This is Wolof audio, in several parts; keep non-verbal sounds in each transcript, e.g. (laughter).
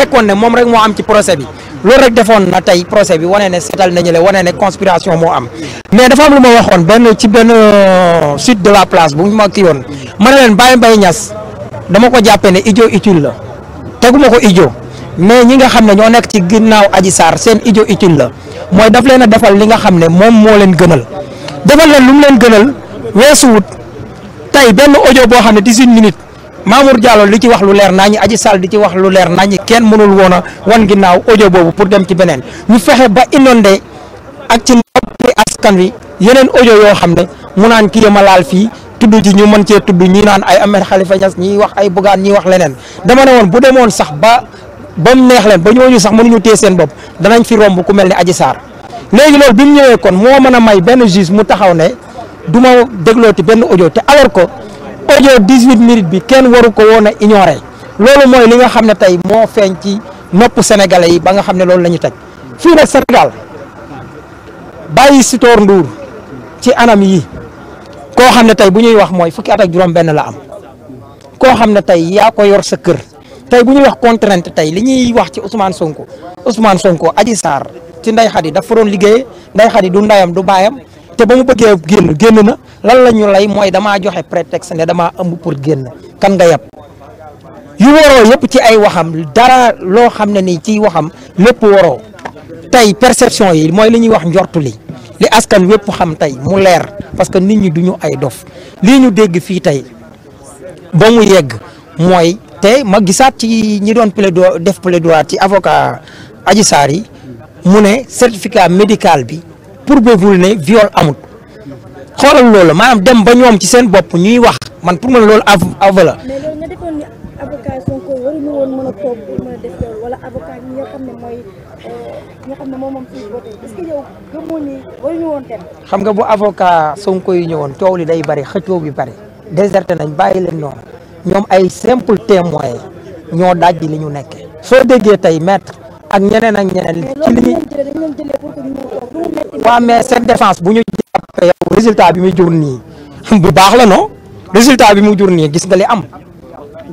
fekkoon ne moom rek moo am ci procès bi loolu rek defoon na tey procès bi wane ne seetal na le wane ne conspiration moo am mais dafa am lu ma waxoon benn ci benn euh, site de la place bu ma kii yoon ma ne leen Baye bay Niass dama ko jàppee ne idio utile la teguma ko ijo mais ñi nga xam ne ñoo nekk ci ginnaaw aji Sarr seen ijo utile la mooy daf leen a defal li nga xam ne moom moo leen gënal defal leen lu mu leen gënal weesuwut tey benn audio boo xam ne 18 minutes Mamour Diallo li ci wax lu leer naññi Adji Sarr di ci wax lu leer naññi kenn mënul woona wan ginnaaw ojo boobu pour dem ci beneen ñu fexe ba inondé ak ci noppi askan wi yeneen ojo yoo xam ne mu naan ki yëma laal fii tudd ci ñu mën cee tudd ñu naan ay Ahmed Khalifa Niass ñiy wax ay Bougane ñiy wax leneen dama ne woon bu demoon sax ba ba neex leen ba ñooñu sax mënuñu téye seen bopp danañ fi romb ku mel ni Adji saar léegi loolu bi mu ñëwee kon moo mën a may benn juge mu taxaw ne du ma déglooti benn audio te alors que audio 18 minutes bi kenn waru ko woon a ignorer loolu mooy li nga xam ne tey moo feeñ ci nopp sénégalais yi ba nga xam ne loolu la ñu teg fii nag Sénégal bàyyi Sitor Ndour ci anam yi koo xam ne tey bu ñuy wax mooy fukki at ak juróom-benn la am koo xam ne tey yaa ko yor sa kër tey bu ñuy wax contrainte tey li ñuy wax ci Ousmane Sonko Ousmane Sonko Adji Sarr ci Ndeye Khady dafa doon liggéeyee Ndeye Khady du ndayam du baayam te ba mu bëggee génn génn lan la ñu lay mooy damaa joxe prétexte ne damaa ëmb pour génn kan nga yab yu waroo yëpp ci ay waxam dara loo xam ne ni ciy waxam lépp waroo tey perception yi mooy li ñuy wax njortu li li askan wépp xam tey mu leer parce que nit ñi duñu ay dof lii ñu dégg fii tey ba mu yegg mooy te ma gisaat ci ñi doon plaidoyer def plaidoyer ci avocat aji Sarr yi mu ne certificat médical bi pour bévul ne viol amut xoolal loolu maanaam dem ba ñoom ci seen bopp ñuy wax man pour man loolu a toog nga euh, xam nga bu avocat Sonko yi ñëwoon coow li day bari xëccoo bi bari déserté nañ bàyyi leen noonu ñoom ay simple témoin ñoo dajji li ñu nekkee soo déggee tey maître ak ñeneen ak ñeneen ci li ñu waa mais seen défense bu ñu résultat bi muy jur nii (laughs) bu baax la noo résultat bi mu jur nii gis nga li am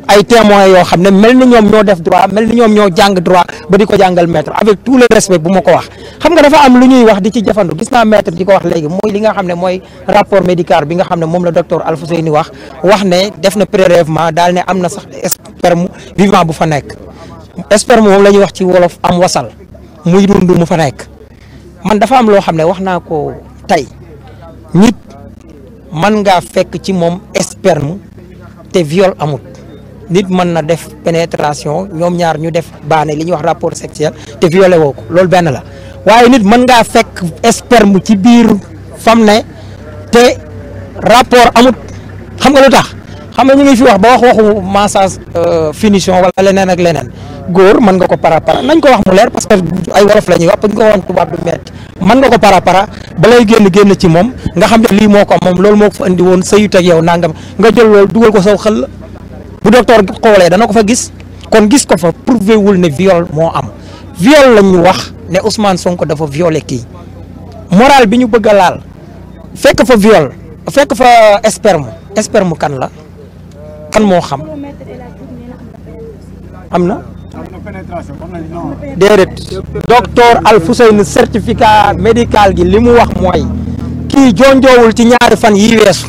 ay témoins yoo xam ne mel ni ñoom ñoo def droit mel ni ñoom ñoo jàng droit ba di ko jàngal maître avec tout le respect bu ma ko wax xam nga dafa am lu ñuy wax di ci jafandu gis naa maître di ko wax léegi mooy li nga xam ne mooy rapport médical bi nga xam ne moom la docteur Alfouseyni wax wax ne def na prélèvement daal ne am na sax sperme vivant bu fa nekk sperme moom la ñuy wax ci wolof am wasal muy dund mu fa nekk man dafa am loo xam ne wax naa ko tey nit man ngaa fekk ci moom sperme te viol amut nit mën na def pénétration ñoom ñaar ñu def baane li ñuy wax rapport sexuel te violé woo ko loolu benn la waaye nit mën ngaa fekk sperme ci biir fam ne te rapport amut xam nga lu tax xam nga ñu ngi fi wax ba wax waxu massage euh, finition wala leneen ak leneen góor mën nga ko para para nañ ko wax mu leer parce que ay wolof la ñuy wax bu ñu ko waxoon tubaab du metti mën nga ko para para balay génn génn ci moom nga xam ne lii moo ko moom loolu moo ko fa andi woon sëyut ak yow nangam nga jël loolu dugal ko saw xel bu docteur xoolee dana ko fa gis kon gis ko fa prouvé wul ne viol moo am viol lañ ñu wax ne Ousmane Sonko dafa viole kii moral bi ñu bëgg a laal fekk fa viol fekk fa sperme sperme kan la kan moo xam am na déedéet docteur Alfousseyni certificat médical gi li mu wax mooy kii jonjoowul ci ñaari fan yi weesu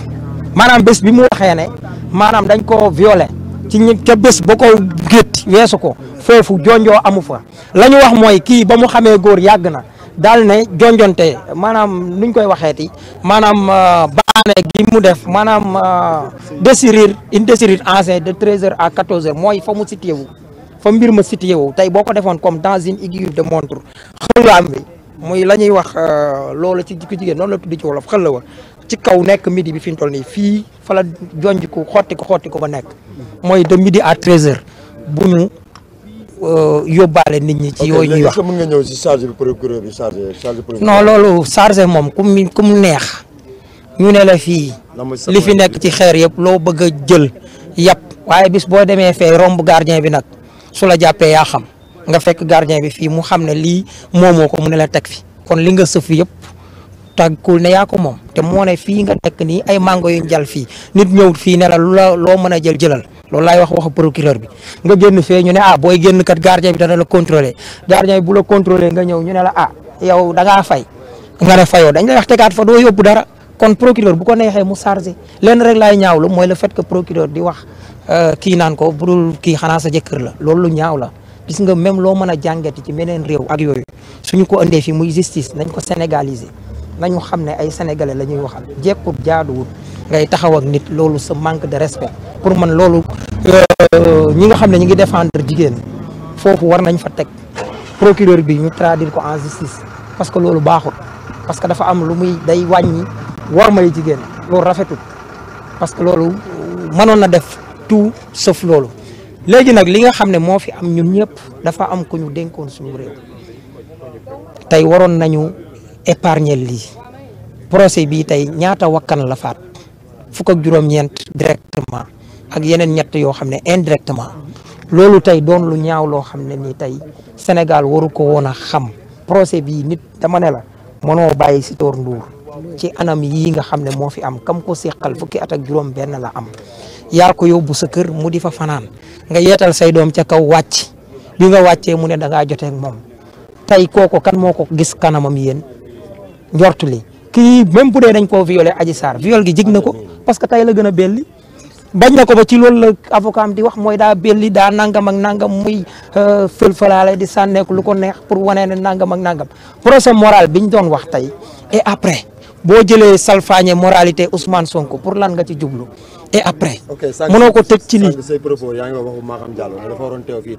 maanaam bés bi mu waxee ne maanaam dañ ko violé ci ñi ca bés ba ko gétt weesu ko foofu jonjoo amu fa la ñu wax mooy kii ba mu xamee góor yàgg na daal ne jonjonte maanaam nuñ koy waxeeti maanaam euh, baane gi mu def maanaam euh, désirir une désirir ancien de treize heures à quatorze heures mooy fa mu situé wu fa mbir ma situé wu tey boo ko defoon comme dans une aiguille de montre xëlaam bi muy la ñuy wax euh, loolu ci ku jigéen noonu la tudd ci wolof xël la wa ci kaw nekk midi bi fi mu toll nii fii fa la jonj ko xotti ko xotti ko ba nekk mooy de midi à treize heures bu ñu euh, yóbbaale nit ñi ci yooyu ñuy wax mën nga ñëw si charge bi procureur bi charge charge non loolu chargé moom ku mu ku neex ñu ne la fii li fi nekk ci xeer yëpp loo bëgg a jël yàpp waaye bis boo demee fee romb gardien bi nag su la jàppee yaa xam nga fekk gardien bi fii mu xam ne lii moomoo ko mu ne la teg fii kon li nga sëf yëpp tàggul ne yaa ko moom te moo ne fii nga nekk nii ay mango yu jal fii nit ñëw fii ne la loo mën a jël jëlal loolu laay wax waxu procureur bi nga génn fee ñu ne ah booy génn kat gardien bi dana la contrôler gardien bi bu la nga ñëw ñu ne la ah yow danga ngaa fay nga ne fayoo dañ lay wax tegaat fa doo yóbbu dara. kon procureur bu ko neexee mu chargé lenn rek ñaaw ñaawlu mooy la fait que procureur di wax euh, kii naan ko bu dul kii xanaa sa jëkkër la loolu lu ñaaw la gis nga même loo mën a jàngati ci meneen réew ak yooyu suñu ko andee fii muy justice nañ ko sénégaliser nañu xam ne ay sénégalais la ñuy waxal jekkut jaaduwul ngay taxaw ak nit loolu sa manque de respect pour man loolu euh, ñi nga xam ne ñu ngi défendre jigéen foofu war nañ fa teg procureur bi ñu traduire ko en justice parce que loolu baaxul parce que dafa am lu muy day wàññi war may jigéen loolu rafetul parce que loolu mënoon na def tout sëf loolu léegi nag li nga xam ne moo fi am ñun ñëpp dafa am ku ñu dénkoon suñu réew tey waroon nañu épargner lii procès bii tey ñaata wakkan la faat fukk ak juróom-ñeent directement ak yeneen ñett yoo xam ne indirectement loolu tey doon lu ñaaw loo xam ne nii tey Sénégal waru ko woon a xam procès bii nit dama ne la mënoo bàyyi si Sitor Ndour ci anam yii nga xam ne moo fi am kam ko seqal fukki at juróom benn la am yaa ko yóbbu sa kër mu di fa fanaan nga yeetal say doom ca kaw wàcc bi nga wàccee mu ne da ngaa jotee ak moom tey kooku kan moo ko gis kanamam yéen njortu li kii même bu dee dañ ko violé Adji saar viol gi jig na ko parce que tey la gën a belli bañ na ko ba ci loolu la avocat am di wax mooy daa belli daa nangam ak nangam muy euh, fël-fëlaale di sànneeku lu ko neex pour wane ne nangam ak nangam procès moral biñ doon wax tey et après boo jëlee salfaañe moralité Ousmane Sonko pour lan nga ci jublu et après. mënoo ko tëj ci lii sànq say propos yaa ngi wax waxu Maham Diallo dafa waroon teew fii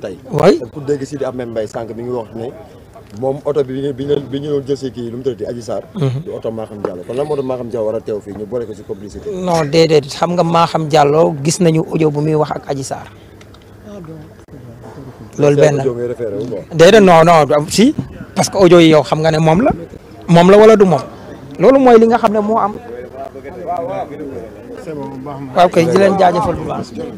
moom oto bi bi ñu bi ñu doon jël si kii lu mu mhm. oto Maham Diallo kon lan moo doon Maham Diallo war a ñu boole nga bu muy wax ak Adji Sarr. loolu benn déedéet non non si parce que audio yi yow xam nga ne moom la moom la wala du moom. loolu mooy li nga xam ne moo am. waaw kay di leen jaajëfal bu